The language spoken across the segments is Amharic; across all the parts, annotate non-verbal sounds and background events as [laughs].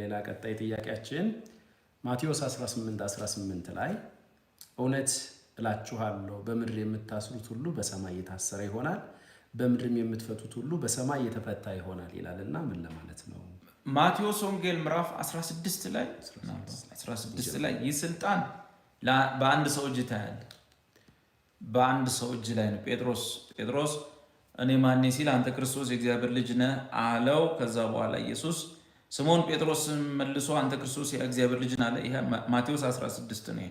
ሌላ ቀጣይ ጥያቄያችን ማቴዎስ 18 18 ላይ እውነት እላችኋለሁ በምድር የምታስሩት ሁሉ በሰማይ የታሰረ ይሆናል፣ በምድርም የምትፈቱት ሁሉ በሰማይ የተፈታ ይሆናል ይላል እና ምን ለማለት ነው? ማቴዎስ ወንጌል ምዕራፍ 16 ላይ 16 ላይ ይህ ስልጣን በአንድ ሰው እጅ ታያል። በአንድ ሰው እጅ ላይ ነው። ጴጥሮስ ጴጥሮስ እኔ ማኔ ሲል አንተ ክርስቶስ የእግዚአብሔር ልጅ ነህ አለው። ከዛ በኋላ ኢየሱስ ስምዖን ጴጥሮስ መልሶ አንተ ክርስቶስ የእግዚአብሔር ልጅ አለ። ይሄ ማቴዎስ 16 ነው።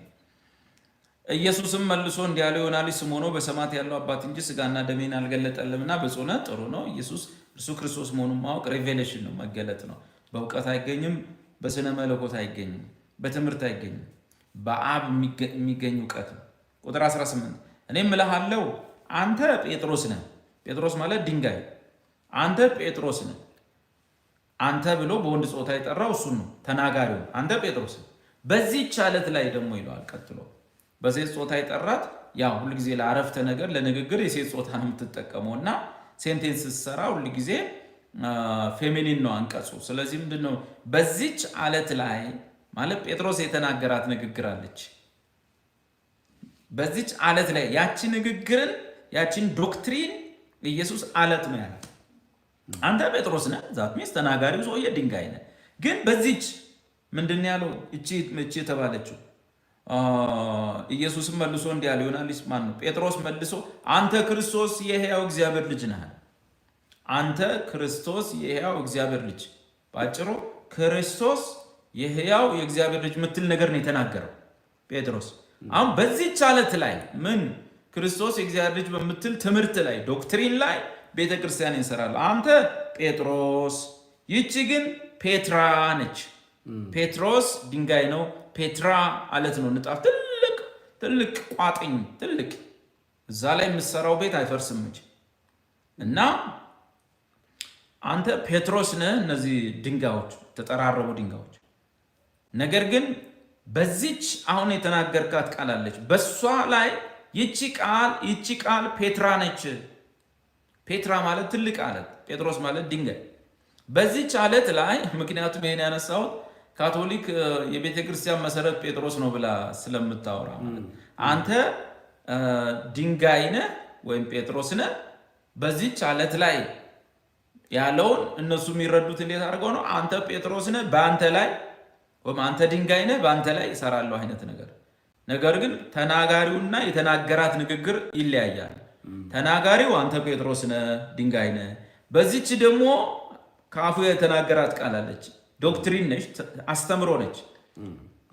ኢየሱስም መልሶ እንዲህ ያለው ዮና ልጅ ስምዖን በሰማት ያለው አባት እንጂ ስጋና ደሜን አልገለጠልምና በጾነ ጥሩ ነው። ኢየሱስ እርሱ ክርስቶስ መሆኑን ማወቅ ሬቬሌሽን ነው፣ መገለጥ ነው። በእውቀት አይገኝም፣ በስነ መለኮት አይገኝም፣ በትምህርት አይገኝም፣ በአብ የሚገኝ እውቀት ነው። ቁጥር 18 እኔም እልሃለሁ አንተ ጴጥሮስ ነህ። ጴጥሮስ ማለት ድንጋይ። አንተ ጴጥሮስ ነህ አንተ ብሎ በወንድ ጾታ የጠራው እሱን ነው ተናጋሪው፣ አንተ ጴጥሮስ። በዚህች አለት ላይ ደግሞ ይለዋል ቀጥሎ በሴት ጾታ የጠራት ያ ሁልጊዜ ለአረፍተ ነገር ለንግግር የሴት ጾታ ነው የምትጠቀመው እና ሴንቴንስ ስትሰራ ሁልጊዜ ፌሚኒን ነው አንቀጹ። ስለዚህ ምንድነው በዚች አለት ላይ ማለት ጴጥሮስ የተናገራት ንግግር አለች። በዚች አለት ላይ ያቺ ንግግርን ያቺን ዶክትሪን ኢየሱስ አለት ነው ያላት። አንተ ጴጥሮስ ነህ። ዛት ሚስ ተናጋሪው ሰውዬ ድንጋይ ነህ። ግን በዚች ምንድን ያለው እቺ የተባለችው ኢየሱስም መልሶ እንዲህ ያለ ማን ነው? ጴጥሮስ መልሶ አንተ ክርስቶስ የሕያው እግዚአብሔር ልጅ ነህ። አንተ ክርስቶስ የሕያው እግዚአብሔር ልጅ፣ ባጭሩ ክርስቶስ የሕያው የእግዚአብሔር ልጅ የምትል ነገር ነው የተናገረው ጴጥሮስ። አሁን በዚህች አለት ላይ ምን ክርስቶስ የእግዚአብሔር ልጅ በምትል ትምህርት ላይ ዶክትሪን ላይ ቤተ ክርስቲያን ይሰራል። አንተ ጴጥሮስ፣ ይቺ ግን ፔትራ ነች። ፔትሮስ ድንጋይ ነው። ፔትራ አለት ነው። ንጣፍ ትልቅ ትልቅ ቋጥኝ ትልቅ እዛ ላይ የምትሰራው ቤት አይፈርስም እንጂ እና አንተ ፔትሮስ ነህ። እነዚህ ድንጋዮች ተጠራረቡ ድንጋዮች ነገር ግን በዚች አሁን የተናገርካት ቃል አለች። በሷ ላይ ይቺ ቃል ይቺ ቃል ፔትራ ነች ፔትራ ማለት ትልቅ አለት፣ ጴጥሮስ ማለት ድንጋይ። በዚች አለት ላይ ምክንያቱም ይሄን ያነሳሁት ካቶሊክ የቤተ ክርስቲያን መሰረት ጴጥሮስ ነው ብላ ስለምታወራ ማለት አንተ ድንጋይ ነህ ወይም ጴጥሮስ ነህ። በዚች አለት ላይ ያለውን እነሱ የሚረዱት እንዴት አድርገው ነው? አንተ ጴጥሮስ ነህ፣ በአንተ ላይ ወይም አንተ ድንጋይ ነህ፣ በአንተ ላይ እሰራለሁ አይነት ነገር። ነገር ግን ተናጋሪውና የተናገራት ንግግር ይለያያል። ተናጋሪው አንተ ጴጥሮስ ነህ ድንጋይ ነህ። በዚች ደግሞ ከአፉ የተናገራት ቃል አለች። ዶክትሪን ነች፣ አስተምሮ ነች።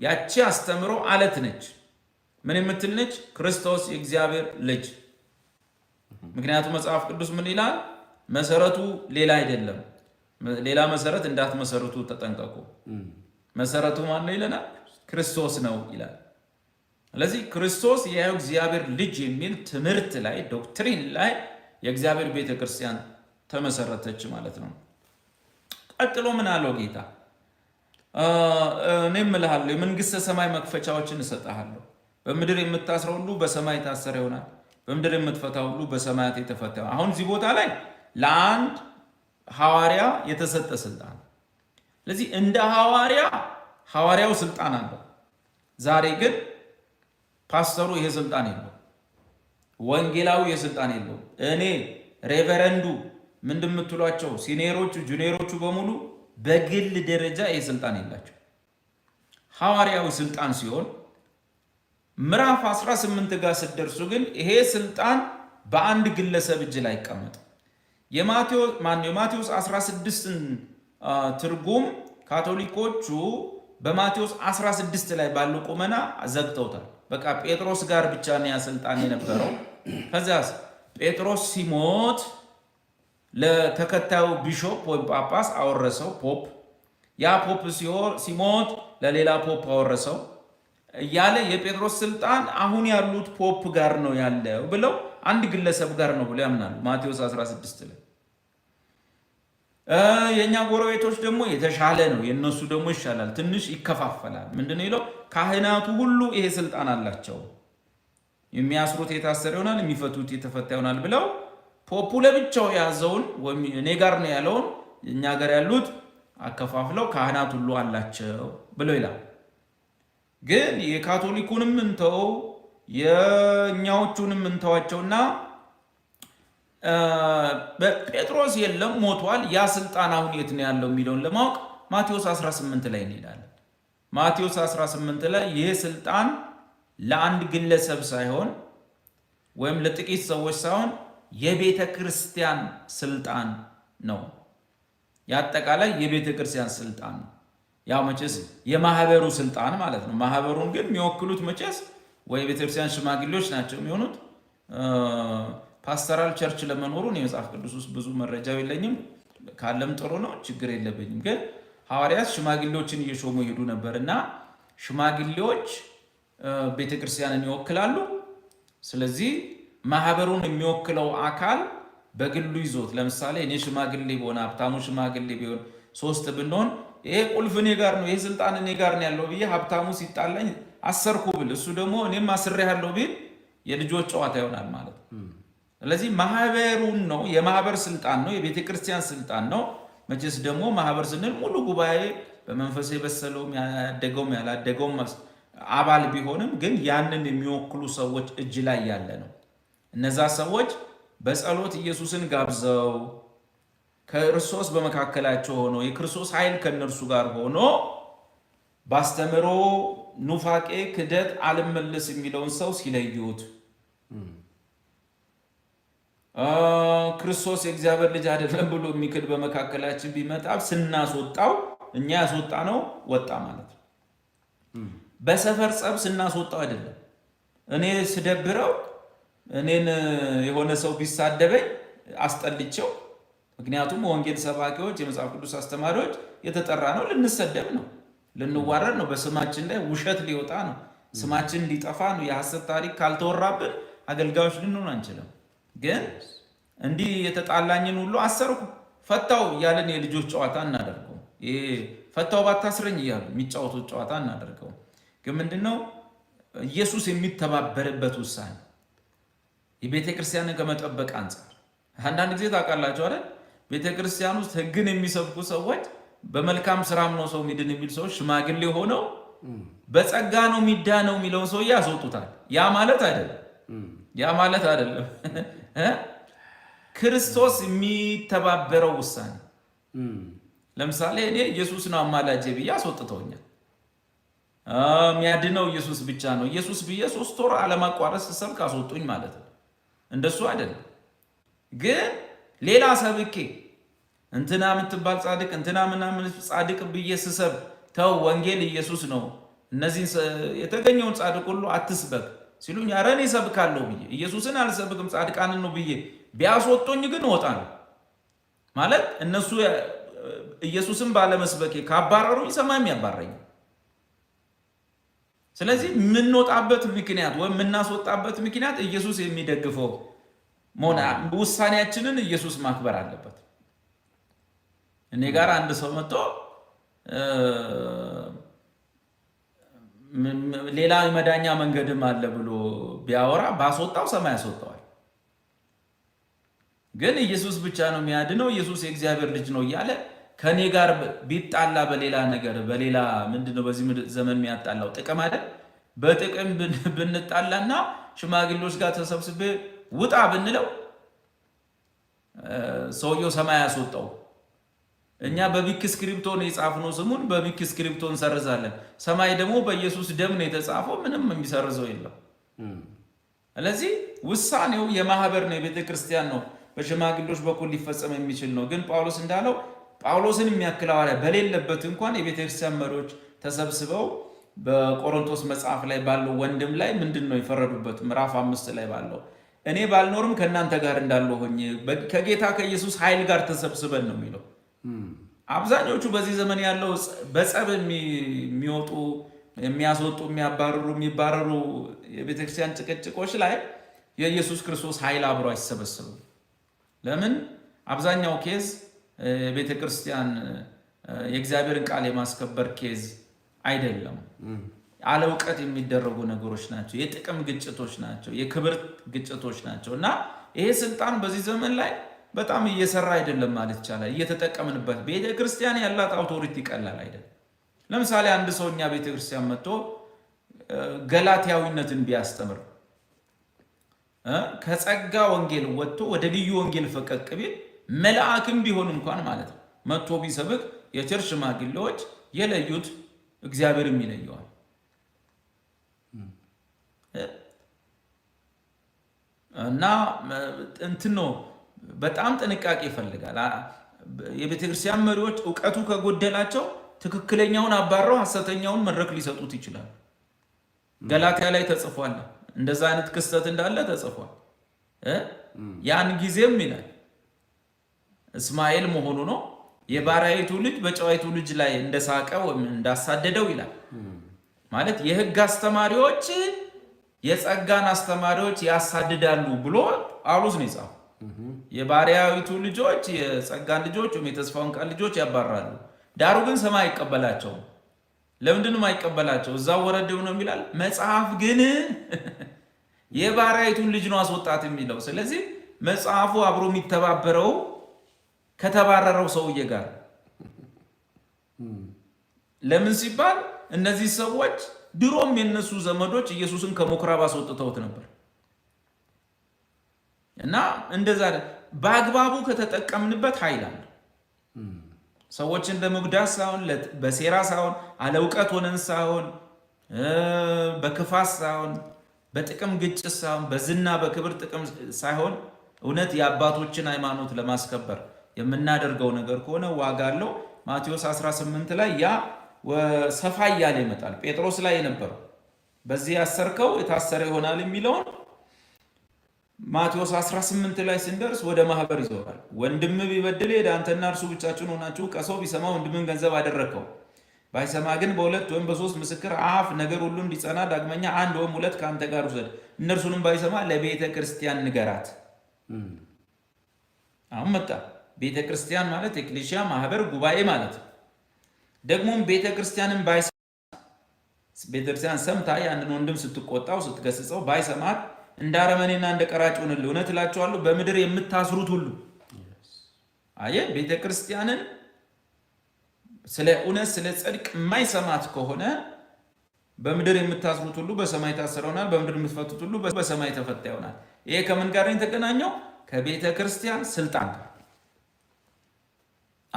ያቺ አስተምሮ አለት ነች። ምን የምትል ነች? ክርስቶስ የእግዚአብሔር ልጅ። ምክንያቱም መጽሐፍ ቅዱስ ምን ይላል? መሰረቱ ሌላ አይደለም። ሌላ መሰረት እንዳትመሰርቱ ተጠንቀቁ። መሰረቱ ማን ነው ይለናል? ክርስቶስ ነው ይላል። ስለዚህ ክርስቶስ የሕያው እግዚአብሔር ልጅ የሚል ትምህርት ላይ ዶክትሪን ላይ የእግዚአብሔር ቤተ ክርስቲያን ተመሰረተች ማለት ነው። ቀጥሎ ምን አለው ጌታ? እኔም እልሃለሁ የመንግሥተ ሰማይ መክፈቻዎችን እሰጥሃለሁ። በምድር የምታስረው ሁሉ በሰማይ የታሰረ ይሆናል፣ በምድር የምትፈታ ሁሉ በሰማያት የተፈታ አሁን እዚህ ቦታ ላይ ለአንድ ሐዋርያ የተሰጠ ስልጣን። ስለዚህ እንደ ሐዋርያ ሐዋርያው ስልጣን አለው። ዛሬ ግን ፓስተሩ ይሄ ስልጣን የለው፣ ወንጌላዊ ይሄ ስልጣን የለው። እኔ ሬቨረንዱ ምንድን የምትሏቸው ሲኒየሮቹ ጁኒየሮቹ በሙሉ በግል ደረጃ ይሄ ስልጣን የላቸው። ሐዋርያዊ ስልጣን ሲሆን ምዕራፍ 18 ጋር ስትደርሱ ግን ይሄ ስልጣን በአንድ ግለሰብ እጅ ላይ አይቀመጥም። የማቴዎስ 16ን ትርጉም ካቶሊኮቹ በማቴዎስ 16 ላይ ባለው ቁመና ዘግተውታል። በቃ ጴጥሮስ ጋር ብቻ ነው ያ ስልጣን የነበረው። ከዚያ ጴጥሮስ ሲሞት ለተከታዩ ቢሾፕ ወይም ጳጳስ አወረሰው ፖፕ። ያ ፖፕ ሲሞት ለሌላ ፖፕ አወረሰው እያለ የጴጥሮስ ስልጣን አሁን ያሉት ፖፕ ጋር ነው ያለው ብለው አንድ ግለሰብ ጋር ነው ብለው ያምናሉ ማቴዎስ 16 ላይ የእኛ ጎረቤቶች ደግሞ የተሻለ ነው፣ የእነሱ ደግሞ ይሻላል። ትንሽ ይከፋፈላል። ምንድነው ይለው ካህናቱ ሁሉ ይሄ ስልጣን አላቸው። የሚያስሩት የታሰረ ይሆናል፣ የሚፈቱት የተፈታ ይሆናል ብለው ፖፑ ለብቻው የያዘውን እኔ ጋር ነው ያለውን እኛ ጋር ያሉት አከፋፍለው ካህናት ሁሉ አላቸው ብለው ይላል። ግን የካቶሊኩንም እንተው የእኛዎቹንም እንተዋቸውና ጴጥሮስ የለም ሞቷል። ያ ስልጣን አሁን የት ነው ያለው የሚለውን ለማወቅ ማቴዎስ 18 ላይ እንሄዳለን። ማቴዎስ 18 ላይ ይህ ስልጣን ለአንድ ግለሰብ ሳይሆን ወይም ለጥቂት ሰዎች ሳይሆን የቤተ ክርስቲያን ስልጣን ነው። የአጠቃላይ የቤተ ክርስቲያን ስልጣን ነው። ያው መቼስ የማህበሩ ስልጣን ማለት ነው። ማህበሩን ግን የሚወክሉት መቼስ ወይ ቤተክርስቲያን ሽማግሌዎች ናቸው የሚሆኑት ፓስተራል ቸርች ለመኖሩ የመጽሐፍ ቅዱስ ውስጥ ብዙ መረጃ የለኝም። ካለም ጥሩ ነው፣ ችግር የለብኝም። ግን ሐዋርያት ሽማግሌዎችን እየሾሙ ይሄዱ ነበር እና ሽማግሌዎች ቤተክርስቲያንን ይወክላሉ። ስለዚህ ማህበሩን የሚወክለው አካል በግሉ ይዞት ለምሳሌ እኔ ሽማግሌ ቢሆን ሀብታሙ ሽማግሌ ቢሆን ሶስት ብንሆን ይሄ ቁልፍ እኔ ጋር ነው፣ ይሄ ስልጣን እኔ ጋር ነው ያለው ብዬ ሀብታሙ ሲጣላኝ አሰርኩ ብል እሱ ደግሞ እኔም አስሬ ያለው ቢል የልጆች ጨዋታ ይሆናል ማለት ነው። ስለዚህ ማህበሩን ነው የማህበር ስልጣን ነው የቤተ ክርስቲያን ስልጣን ነው። መቼስ ደግሞ ማህበር ስንል ሙሉ ጉባኤ በመንፈስ የበሰለውም ያደገውም ያላደገውም አባል ቢሆንም ግን ያንን የሚወክሉ ሰዎች እጅ ላይ ያለ ነው። እነዛ ሰዎች በጸሎት ኢየሱስን ጋብዘው ክርስቶስ በመካከላቸው ሆኖ የክርስቶስ ኃይል ከእነርሱ ጋር ሆኖ ባስተምሮ ኑፋቄ ክደት አልመልስ የሚለውን ሰው ሲለዩት ክርስቶስ የእግዚአብሔር ልጅ አይደለም ብሎ የሚክድ በመካከላችን ቢመጣ ስናስወጣው እኛ ያስወጣ ነው ወጣ ማለት ነው። በሰፈር ጸብ ስናስወጣው አይደለም። እኔ ስደብረው እኔን የሆነ ሰው ቢሳደበኝ አስጠልቸው ምክንያቱም ወንጌል ሰባኪዎች የመጽሐፍ ቅዱስ አስተማሪዎች የተጠራ ነው ልንሰደብ ነው፣ ልንዋረድ ነው፣ በስማችን ላይ ውሸት ሊወጣ ነው፣ ስማችን ሊጠፋ ነው። የሐሰት ታሪክ ካልተወራብን አገልጋዮች ልንሆን አንችልም። ግን እንዲህ የተጣላኝን ሁሉ አሰርኩ ፈታው እያለን የልጆች ጨዋታ እናደርገው። ይሄ ፈታው ባታስረኝ እያሉ የሚጫወቱት ጨዋታ እናደርገው። ግን ምንድነው ኢየሱስ የሚተባበርበት ውሳኔ የቤተ ክርስቲያንን ከመጠበቅ አንጻር አንዳንድ ጊዜ ታውቃላችሁ አይደል? ቤተ ክርስቲያን ውስጥ ሕግን የሚሰብኩ ሰዎች በመልካም ስራም ነው ሰው ሚድን የሚል ሰዎች ሽማግሌ ሆነው በጸጋ ነው ሚዳ ነው የሚለውን ሰውዬ ያስወጡታል። ያ ማለት አይደለም ያ ማለት አይደለም [laughs] ክርስቶስ የሚተባበረው ውሳኔ። ለምሳሌ እኔ ኢየሱስ ነው አማላጄ ብዬ አስወጥተውኛል። የሚያድነው ኢየሱስ ብቻ ነው ኢየሱስ ብዬ ሶስት ወር አለማቋረጥ ስሰብክ አስወጡኝ ማለት ነው። እንደሱ አይደለም ግን ሌላ ሰብኬ እንትና የምትባል ጻድቅ እንትና ምናምን ጻድቅ ብዬ ስሰብ ተው፣ ወንጌል ኢየሱስ ነው። እነዚህን የተገኘውን ጻድቅ ሁሉ አትስበክ ሲሉኝ ኧረ እኔ እሰብካለሁ ብዬ ኢየሱስን አልሰብክም ጻድቃንን ነው ብዬ ቢያስወጡኝ ግን እወጣለሁ። ማለት እነሱ ኢየሱስን ባለመስበኬ ካባረሩኝ ሰማይም ያባረኝ። ስለዚህ የምንወጣበት ምክንያት ወይም የምናስወጣበት ምክንያት ኢየሱስ የሚደግፈው መሆን ውሳኔያችንን ኢየሱስ ማክበር አለበት። እኔ ጋር አንድ ሰው መጥቶ ሌላ የመዳኛ መንገድም አለ ብሎ ቢያወራ ባስወጣው ሰማይ ያስወጣዋል። ግን ኢየሱስ ብቻ ነው የሚያድነው፣ ኢየሱስ የእግዚአብሔር ልጅ ነው እያለ ከኔ ጋር ቢጣላ በሌላ ነገር በሌላ ምንድነው በዚህ ዘመን የሚያጣላው ጥቅም አይደል? በጥቅም ብንጣላና ሽማግሌዎች ጋር ተሰብስቤ ውጣ ብንለው ሰውየው ሰማይ ያስወጣው እኛ በቢክ ስክሪፕቶ ነው የጻፍነው ስሙን በቢክ ስክሪፕቶ እንሰርዛለን። ሰማይ ደግሞ በኢየሱስ ደም ነው የተጻፈው። ምንም የሚሰርዘው የለም። ስለዚህ ውሳኔው የማህበር ነው፣ የቤተ ክርስቲያን ነው፣ በሽማግሌዎች በኩል ሊፈጸም የሚችል ነው። ግን ጳውሎስ እንዳለው ጳውሎስን የሚያክል ሐዋርያ በሌለበት እንኳን የቤተ ክርስቲያን መሪዎች ተሰብስበው በቆሮንቶስ መጽሐፍ ላይ ባለው ወንድም ላይ ምንድን ነው የፈረዱበት? ምዕራፍ አምስት ላይ ባለው እኔ ባልኖርም ከእናንተ ጋር እንዳለሁኝ ከጌታ ከኢየሱስ ኃይል ጋር ተሰብስበን ነው የሚለው አብዛኞቹ በዚህ ዘመን ያለው በጸብ የሚወጡ የሚያስወጡ የሚያባርሩ የሚባረሩ የቤተክርስቲያን ጭቅጭቆች ላይ የኢየሱስ ክርስቶስ ኃይል አብሮ አይሰበስብም። ለምን? አብዛኛው ኬዝ የቤተክርስቲያን የእግዚአብሔርን ቃል የማስከበር ኬዝ አይደለም። አለ እውቀት የሚደረጉ ነገሮች ናቸው። የጥቅም ግጭቶች ናቸው። የክብር ግጭቶች ናቸው እና ይሄ ስልጣን በዚህ ዘመን ላይ በጣም እየሰራ አይደለም ማለት ይቻላል። እየተጠቀምንበት ቤተ ክርስቲያን ያላት አውቶሪቲ ቀላል አይደለም። ለምሳሌ አንድ ሰው እኛ ቤተ ክርስቲያን መጥቶ ገላትያዊነትን ቢያስተምር ከጸጋ ወንጌል ወጥቶ ወደ ልዩ ወንጌል ፈቀቅ ቢል መልአክም ቢሆን እንኳን ማለት ነው መጥቶ ቢሰብክ የቸር ሽማግሌዎች የለዩት እግዚአብሔርም ይለየዋል። እና እንትን ነው በጣም ጥንቃቄ ይፈልጋል። የቤተክርስቲያን መሪዎች እውቀቱ ከጎደላቸው ትክክለኛውን አባረው ሐሰተኛውን መድረክ ሊሰጡት ይችላል። ገላትያ ላይ ተጽፏል። እንደዛ አይነት ክስተት እንዳለ ተጽፏል። ያን ጊዜም ይላል እስማኤል መሆኑ ነው የባሪያይቱ ልጅ በጨዋይቱ ልጅ ላይ እንደሳቀ ወይም እንዳሳደደው ይላል። ማለት የህግ አስተማሪዎች የጸጋን አስተማሪዎች ያሳድዳሉ ብሎ ጳውሎስ ነው የጻፈው። የባሪያዊቱ ልጆች የጸጋን ልጆች ወይም የተስፋውን ቃል ልጆች ያባራሉ። ዳሩ ግን ሰማይ አይቀበላቸውም። ለምንድን ነው አይቀበላቸው? እዛው ወረደው ነው የሚላል መጽሐፍ ግን [laughs] የባሪያዊቱን ልጅ ነው አስወጣት የሚለው። ስለዚህ መጽሐፉ አብሮ የሚተባበረው ከተባረረው ሰውዬ ጋር ለምን ሲባል እነዚህ ሰዎች ድሮም የነሱ ዘመዶች ኢየሱስን ከምኩራብ አስወጥተውት ነበር እና እንደዛ በአግባቡ ከተጠቀምንበት ኃይል አለ። ሰዎችን ለመጉዳት ሳይሆን በሴራ ሳይሆን አለውቀት ሆነን ሳይሆን በክፋት ሳይሆን በጥቅም ግጭት ሳይሆን በዝና በክብር ጥቅም ሳይሆን እውነት የአባቶችን ሃይማኖት ለማስከበር የምናደርገው ነገር ከሆነ ዋጋ አለው። ማቴዎስ 18 ላይ ያ ሰፋ እያለ ይመጣል። ጴጥሮስ ላይ የነበረው በዚህ ያሰርከው የታሰረ ይሆናል የሚለውን ማቴዎስ 18 ላይ ስንደርስ ወደ ማህበር ይዞራል። ወንድም ቢበድል ሄደ አንተና እርሱ ብቻችሁን ሆናችሁ ቀሰው። ቢሰማ ወንድምን ገንዘብ አደረግከው፣ ባይሰማ ግን በሁለት ወይም በሶስት ምስክር አፍ ነገር ሁሉ እንዲጸና ዳግመኛ አንድ ወይም ሁለት ከአንተ ጋር ውሰድ። እነርሱንም ባይሰማ ለቤተ ክርስቲያን ንገራት። አሁን መጣ። ቤተ ክርስቲያን ማለት ኤክሌሽያ፣ ማህበር፣ ጉባኤ ማለት ነው። ደግሞም ቤተ ክርስቲያንን ባይሰማ ቤተክርስቲያን ሰምታ ያንን ወንድም ስትቆጣው ስትገስጸው ባይሰማት እንደ አረመኔና እንደ ቀራጭ ሆንልህ። እውነት እላቸዋለሁ በምድር የምታስሩት ሁሉ አየ ቤተ ክርስቲያንን ስለ እውነት ስለ ጽድቅ የማይሰማት ከሆነ በምድር የምታስሩት ሁሉ በሰማይ ታስረ ይሆናል፣ በምድር የምትፈቱት ሁሉ በሰማይ ተፈታ ይሆናል። ይሄ ከምን ጋር የተገናኘው? ከቤተ ክርስቲያን ስልጣን ጋር።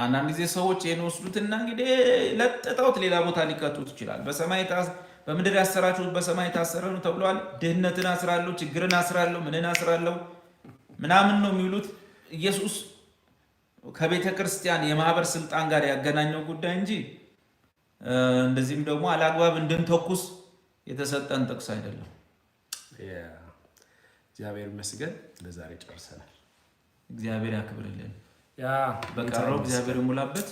አንዳንድ ጊዜ ሰዎች ይህን ወስዱትና እንግዲህ ለጥጠውት ሌላ ቦታ ሊቀጡት ይችላል። በሰማይ በምድር ያሰራችሁት በሰማይ የታሰረ ነው ተብሏል። ድህነትን አስራለሁ፣ ችግርን አስራለሁ፣ ምንን አስራለሁ ምናምን ነው የሚሉት። ኢየሱስ ከቤተ ክርስቲያን የማህበር ስልጣን ጋር ያገናኘው ጉዳይ እንጂ እንደዚህም ደግሞ አላግባብ እንድንተኩስ የተሰጠን ጥቅስ አይደለም። እግዚአብሔር ይመስገን ለዛሬ ጨርሰናል። እግዚአብሔር ያክብርልን። በቀረው እግዚአብሔር ይሙላበት።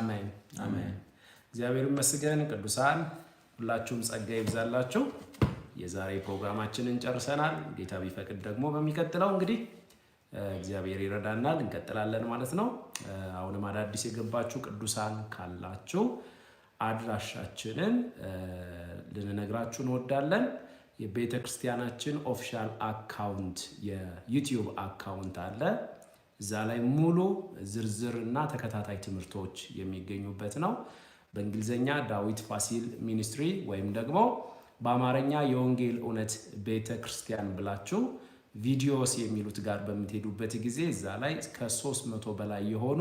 አሜን አሜን። እግዚአብሔር ይመስገን ቅዱሳን ሁላችሁም ጸጋ ይብዛላችሁ። የዛሬ ፕሮግራማችንን ጨርሰናል። ጌታ ቢፈቅድ ደግሞ በሚቀጥለው እንግዲህ እግዚአብሔር ይረዳናል እንቀጥላለን ማለት ነው። አሁንም አዳዲስ የገባችሁ ቅዱሳን ካላችሁ አድራሻችንን ልንነግራችሁ እንወዳለን። የቤተ ክርስቲያናችን ኦፊሻል አካውንት የዩቲዩብ አካውንት አለ። እዛ ላይ ሙሉ ዝርዝር እና ተከታታይ ትምህርቶች የሚገኙበት ነው። በእንግሊዝኛ ዳዊት ፋሲል ሚኒስትሪ ወይም ደግሞ በአማርኛ የወንጌል እውነት ቤተ ክርስቲያን ብላችሁ ቪዲዮስ የሚሉት ጋር በምትሄዱበት ጊዜ እዛ ላይ ከሶስት መቶ በላይ የሆኑ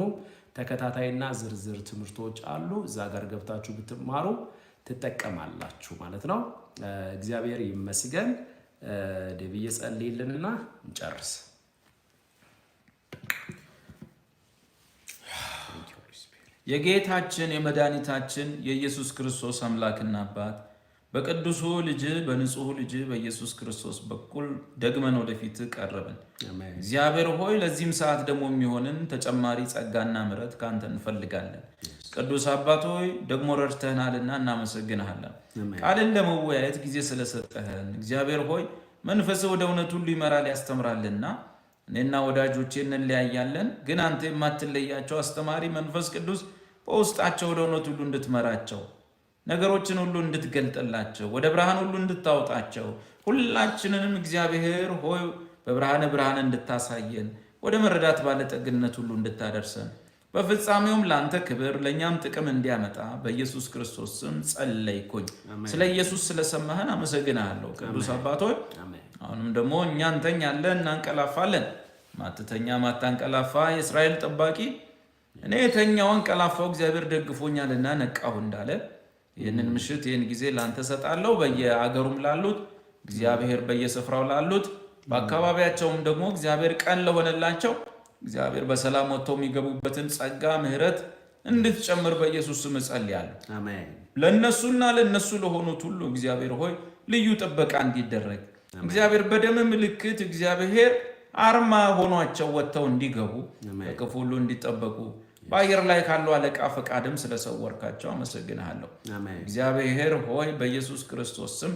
ተከታታይና ዝርዝር ትምህርቶች አሉ። እዛ ጋር ገብታችሁ ብትማሩ ትጠቀማላችሁ ማለት ነው። እግዚአብሔር ይመስገን። ደብዬ ጸልይልንና እንጨርስ። የጌታችን የመድኃኒታችን የኢየሱስ ክርስቶስ አምላክና አባት በቅዱሱ ልጅ በንጹሕ ልጅ በኢየሱስ ክርስቶስ በኩል ደግመን ወደፊት ቀረብን። እግዚአብሔር ሆይ ለዚህም ሰዓት ደግሞ የሚሆንን ተጨማሪ ጸጋና ምረት ከአንተ እንፈልጋለን። ቅዱስ አባት ሆይ ደግሞ ረድተህናልና እናመሰግንሃለን። ቃልን ለመወያየት ጊዜ ስለሰጠህን እግዚአብሔር ሆይ መንፈስ ወደ እውነቱ ይመራል ያስተምራልና። እኔና ወዳጆቼ እንለያያለን፣ ግን አንተ የማትለያቸው አስተማሪ መንፈስ ቅዱስ በውስጣቸው ወደ እውነት ሁሉ እንድትመራቸው ነገሮችን ሁሉ እንድትገልጥላቸው ወደ ብርሃን ሁሉ እንድታወጣቸው ሁላችንንም እግዚአብሔር ሆይ በብርሃነ ብርሃን እንድታሳየን ወደ መረዳት ባለጠግነት ሁሉ እንድታደርሰን በፍጻሜውም ለአንተ ክብር ለእኛም ጥቅም እንዲያመጣ በኢየሱስ ክርስቶስ ስም ጸለይኩኝ። ስለ ኢየሱስ ስለሰማህን አመሰግናለሁ ቅዱስ አባቶች አሁንም ደግሞ እኛ እንተኛለን እናንቀላፋለን። ማትተኛ ማታንቀላፋ የእስራኤል ጠባቂ እኔ የተኛው አንቀላፋው እግዚአብሔር ደግፎኛልና ነቃሁ እንዳለ ይህንን ምሽት ይህን ጊዜ ላንተ ሰጣለሁ። በየአገሩም ላሉት እግዚአብሔር በየስፍራው ላሉት በአካባቢያቸውም ደግሞ እግዚአብሔር ቀን ለሆነላቸው እግዚአብሔር በሰላም ወጥተው የሚገቡበትን ጸጋ ምሕረት እንድትጨምር በኢየሱስ ስም እጸልያለሁ። ለእነሱና ለእነሱ ለሆኑት ሁሉ እግዚአብሔር ሆይ ልዩ ጥበቃ እንዲደረግ እግዚአብሔር በደም ምልክት እግዚአብሔር አርማ ሆኗቸው ወጥተው እንዲገቡ ከክፉ ሁሉ እንዲጠበቁ በአየር ላይ ካለው አለቃ ፈቃድም ስለሰወርካቸው አመሰግንሃለሁ። እግዚአብሔር ሆይ በኢየሱስ ክርስቶስ ስም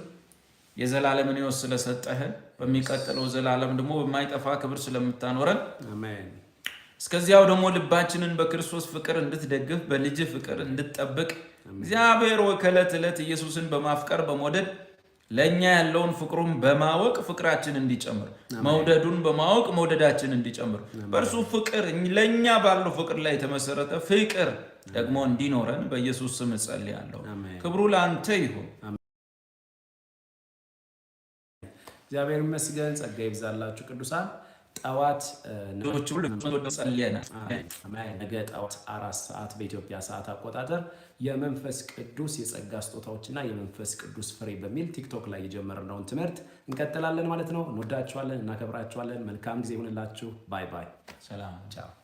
የዘላለምን ሕይወት ስለሰጠህን በሚቀጥለው ዘላለም ደግሞ በማይጠፋ ክብር ስለምታኖረን እስከዚያው ደግሞ ልባችንን በክርስቶስ ፍቅር እንድትደግፍ በልጅ ፍቅር እንድትጠብቅ እግዚአብሔር ከዕለት ዕለት ኢየሱስን በማፍቀር በመውደድ ለእኛ ያለውን ፍቅሩን በማወቅ ፍቅራችን እንዲጨምር መውደዱን በማወቅ መውደዳችን እንዲጨምር በእርሱ ፍቅር ለእኛ ባለው ፍቅር ላይ የተመሰረተ ፍቅር ደግሞ እንዲኖረን በኢየሱስ ስም እጸልያለሁ። ክብሩ ለአንተ ይሁን። እግዚአብሔር ይመስገን። ጸጋ ይብዛላችሁ ቅዱሳን። ጠዋት ነገ ጠዋት አራት ሰዓት በኢትዮጵያ ሰዓት አቆጣጠር የመንፈስ ቅዱስ የጸጋ ስጦታዎችና የመንፈስ ቅዱስ ፍሬ በሚል ቲክቶክ ላይ የጀመርነውን ትምህርት እንቀጥላለን ማለት ነው። እንወዳችኋለን፣ እናከብራችኋለን። መልካም ጊዜ ይሁንላችሁ። ባይ ባይ። ሰላም፣ ቻው።